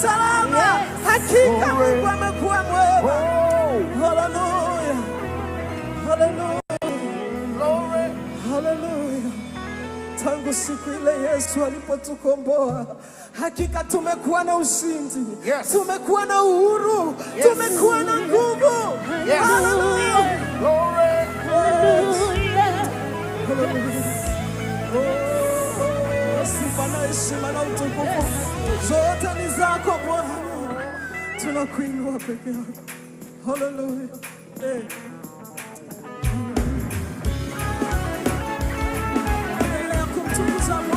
salama. Hakika Mungu amekuwa mwema. Haleluya, haleluya, haleluya. Tangu siku ile Yesu alipotukomboa, hakika tumekuwa na ushindi, tumekuwa na uhuru, tumekuwa na nguvu. Haleluya, oh, na heshima na utukufu zote ni zako Bwana, tunakuinua peke yako. Haleluya, Endelea kumtukuza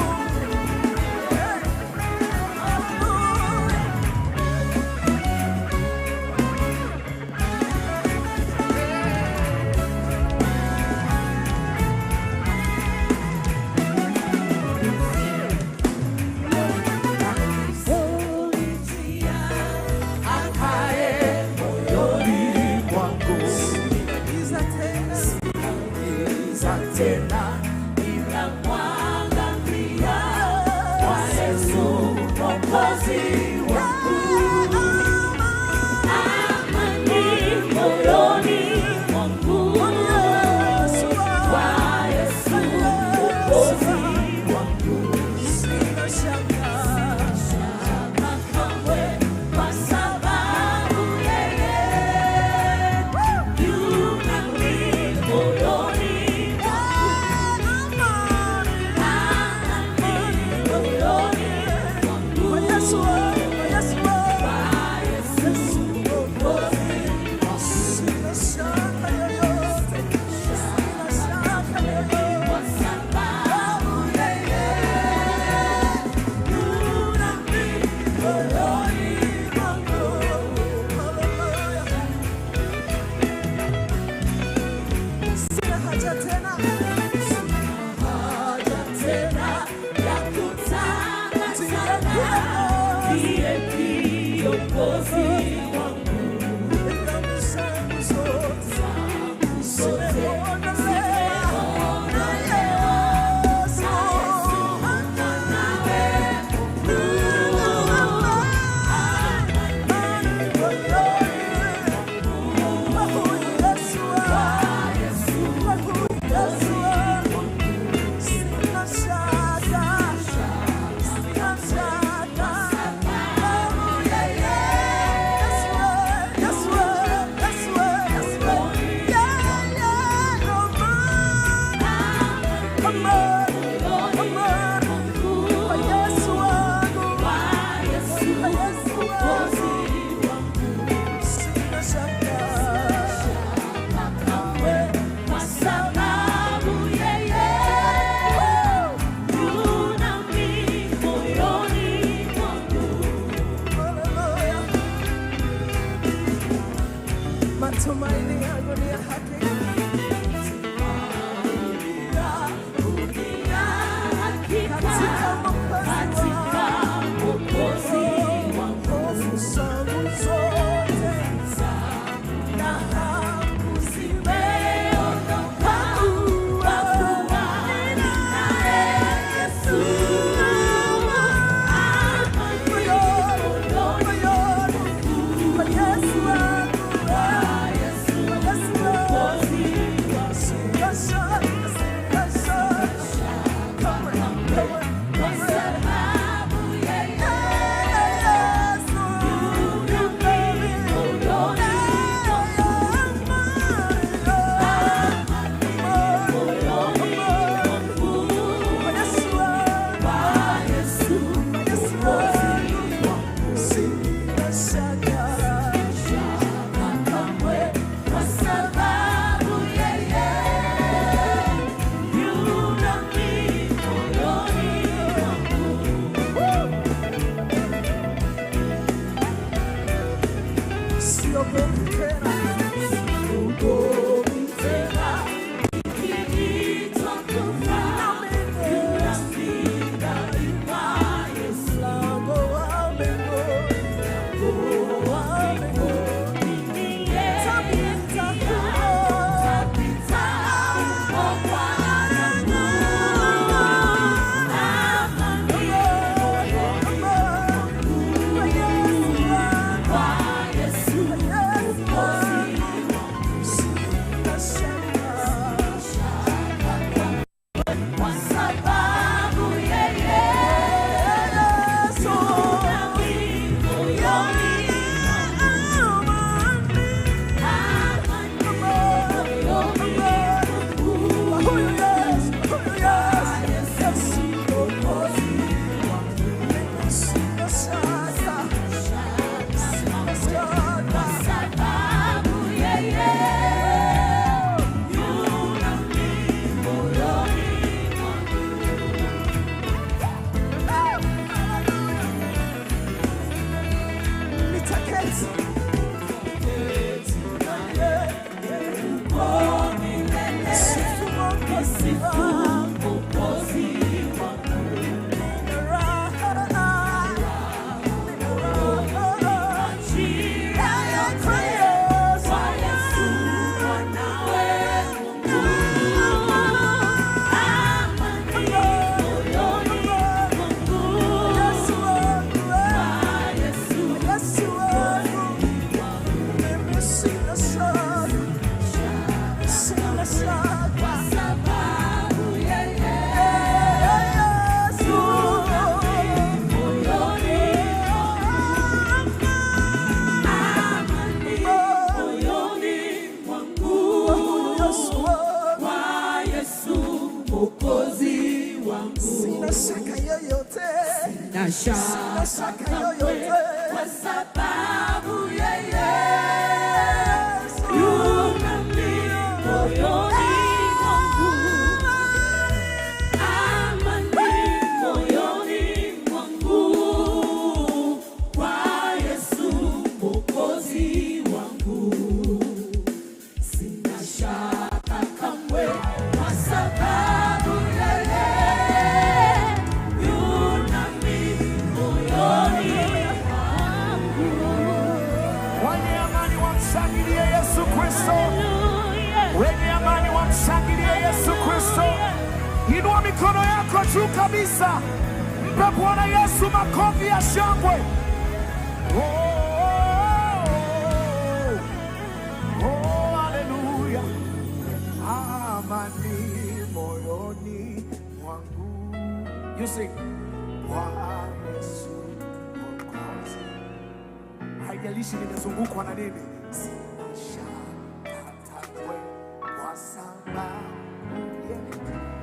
haijalishi nimezungukwa na nini,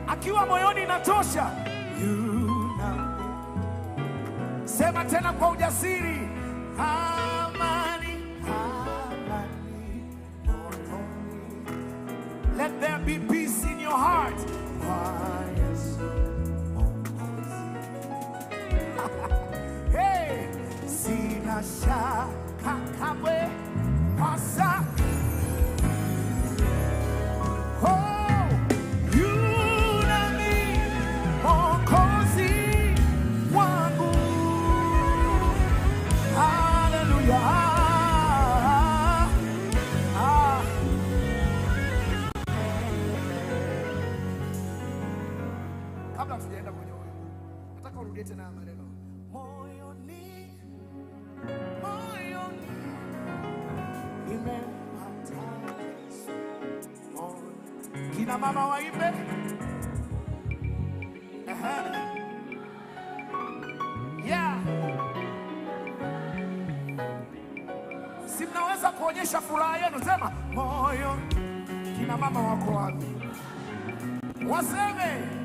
akiwa moyoni inatosha. Sema tena kwa ujasiri ha sijaenda kwenye huyo, nataka urudie tena maneno moyoni, moyoni nimepata kina mama waimbe kuonyesha furaha yenu, sema moyo. Kina mama wako wapi? Waseme.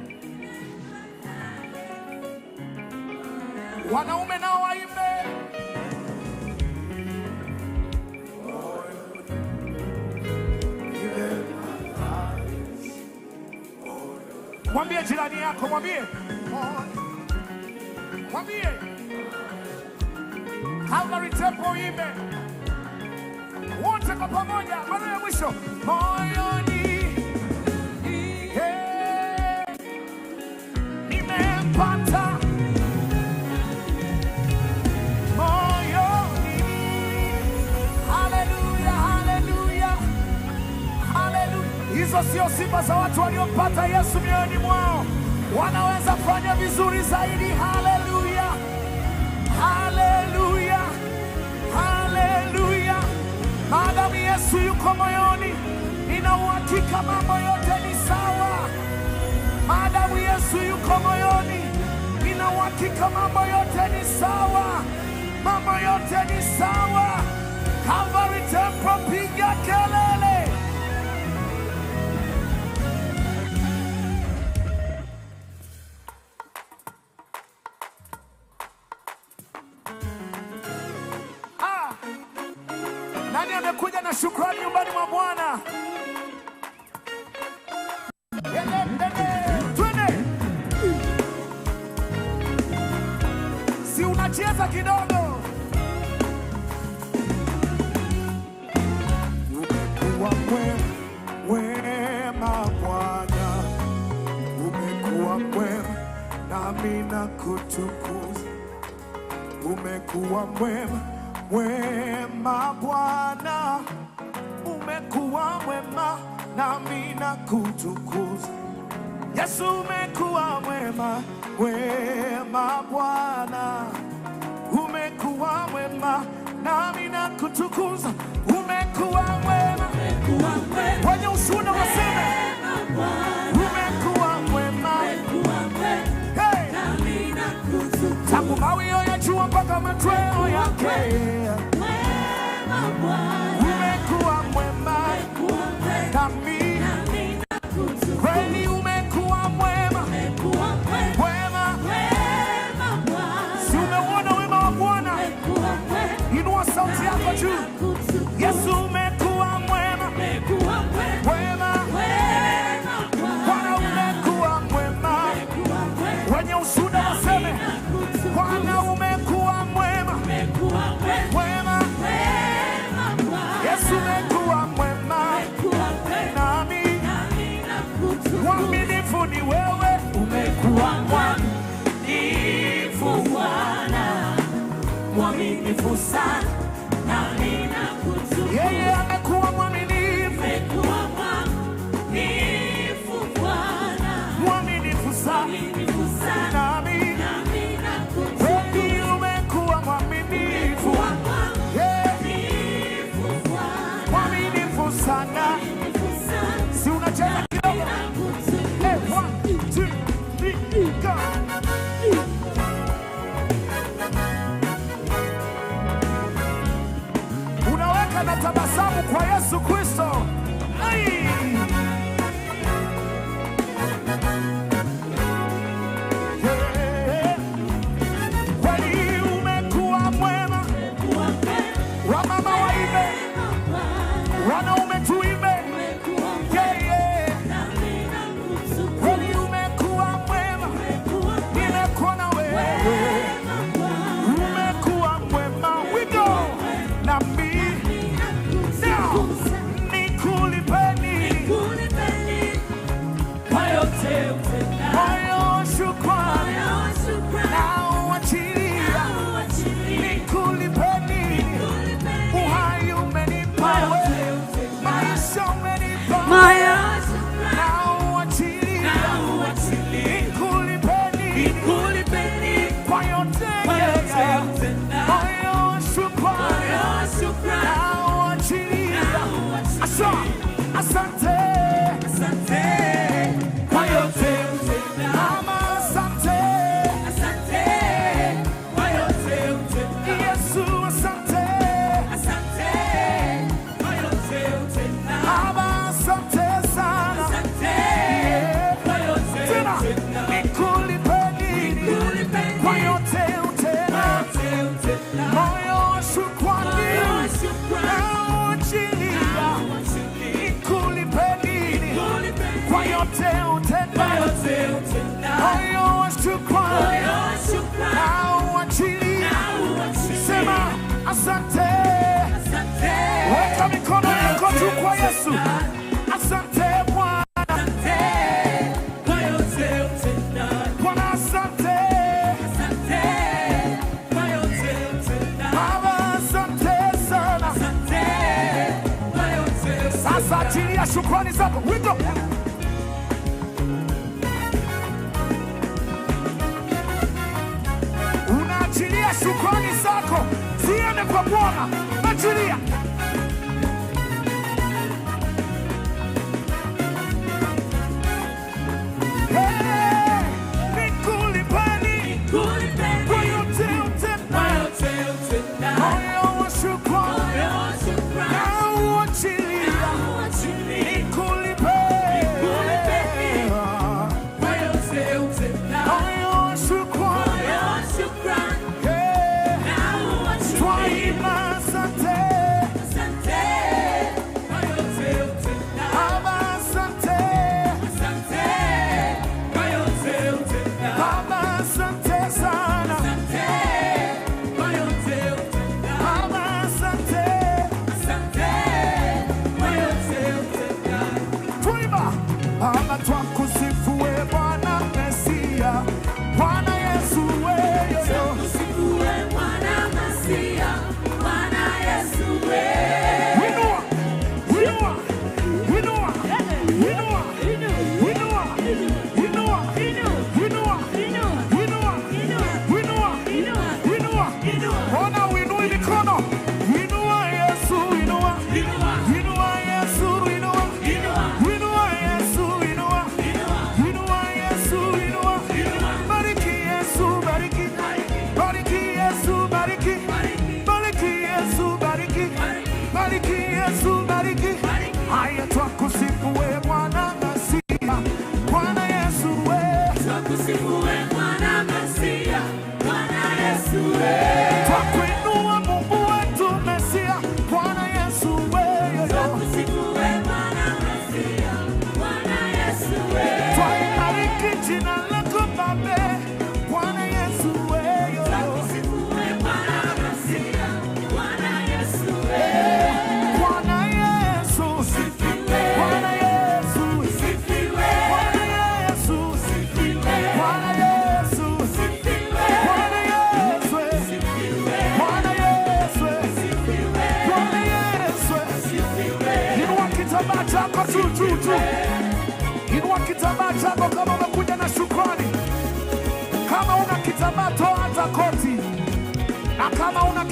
Wanaume nao waimbe. Mwambie jirani yako, mwambie mwambie, Calvary Temple, imbe wote kwa pamoja, maneno ya mwisho moyoni hizo sio sifa za watu waliompata Yesu mioyoni mwao, wanaweza kufanya vizuri zaidi. Haleluya, haleluya, haleluya! Maadamu Yesu yuko moyoni, nina uhakika mambo yote ni sawa. Maadamu Yesu yuko moyoni, nina uhakika mambo yote ni sawa, mambo yote ni sawa. Calvary Temple, piga kelele! amina na kutukuza. Umekuwa mwema mwema, Bwana, umekuwa mwema, na amina kutukuza. Yesu, umekuwa mwema mwema, Bwana, umekuwa mwema, na amina kutukuza. Umekuwa mwema, wenye mwema, waseme tangu mawio ya jua mpaka machweo yake wema Bwana sasa nami kweli umekuwa unaweka na tabasamu kwa Yesu Kristo. na shukrani zako wito unaachilia shukrani zako ziende kwa Bwana, achilia Amen.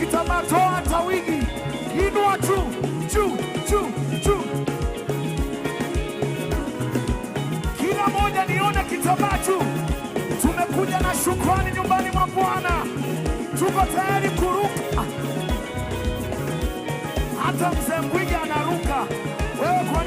kitambaa, toa hata wingi, inua juu juu juu juu. Kila moja nione kitambaa Tumekuja na shukrani nyumbani mwa Bwana, tuko tayari kuruka. Hata mzee Mbwija anaruka. Wewe kwa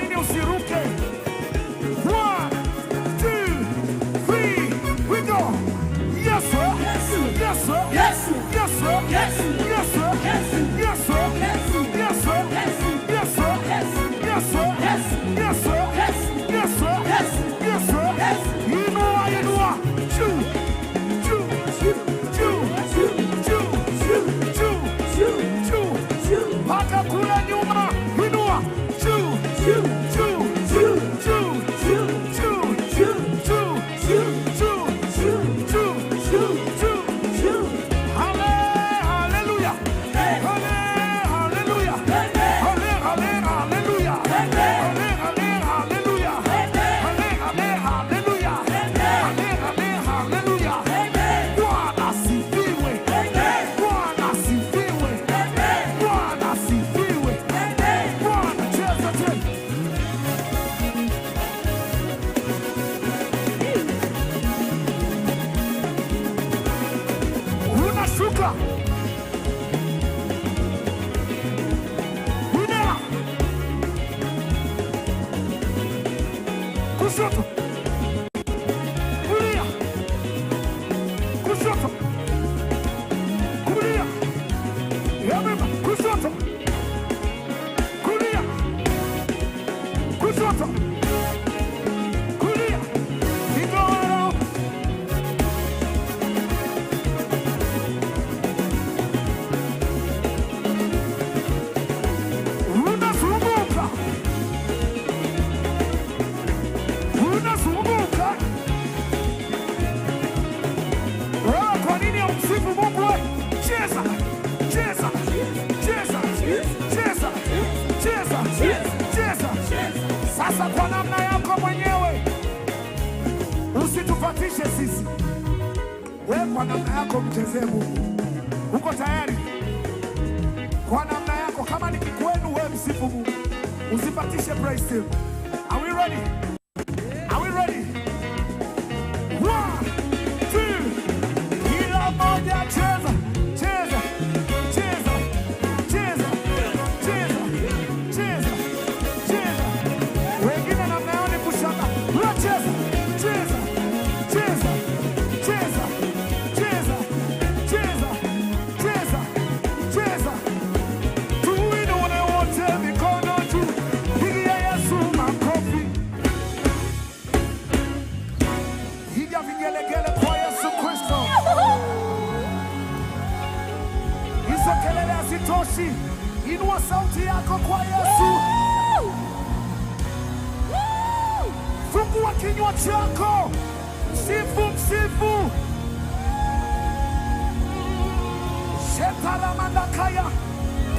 atalamadakaya.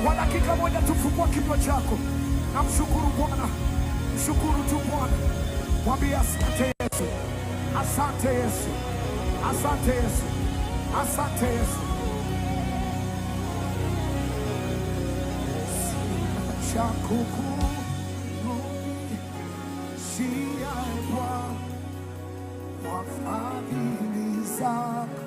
Kwa dakika moja tufungua kinywa chako na mshukuru Bwana, mshukuru tu Bwana, mwambie asante Yesu, asante Yesu, asante Yesu, asante Yesu. si ya Bwana, wafadhili zako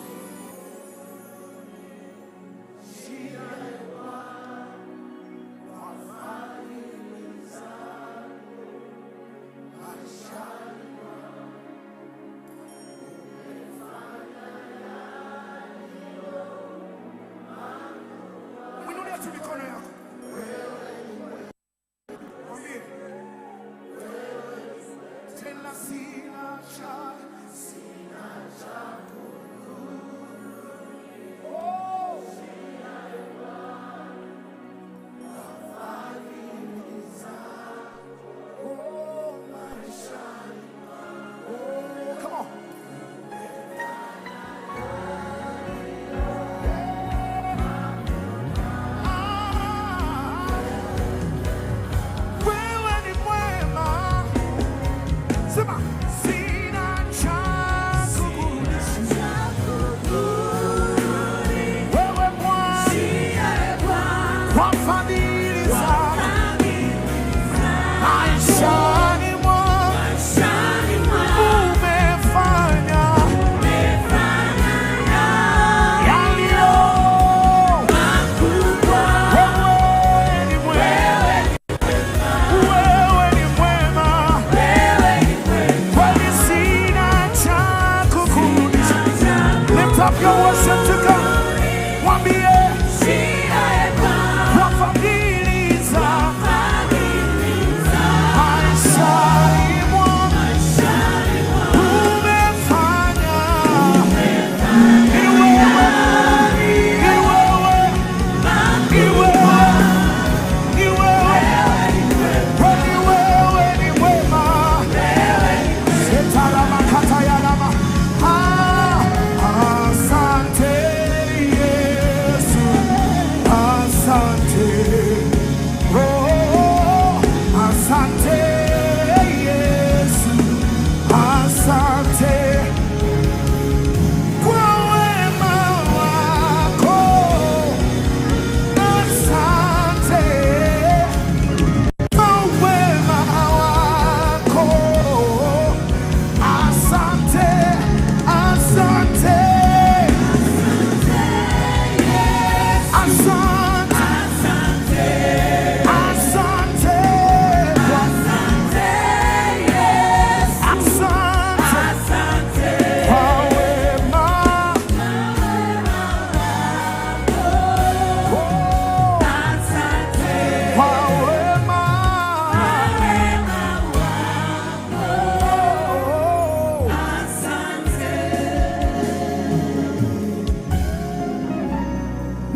worship to God.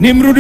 Nimrud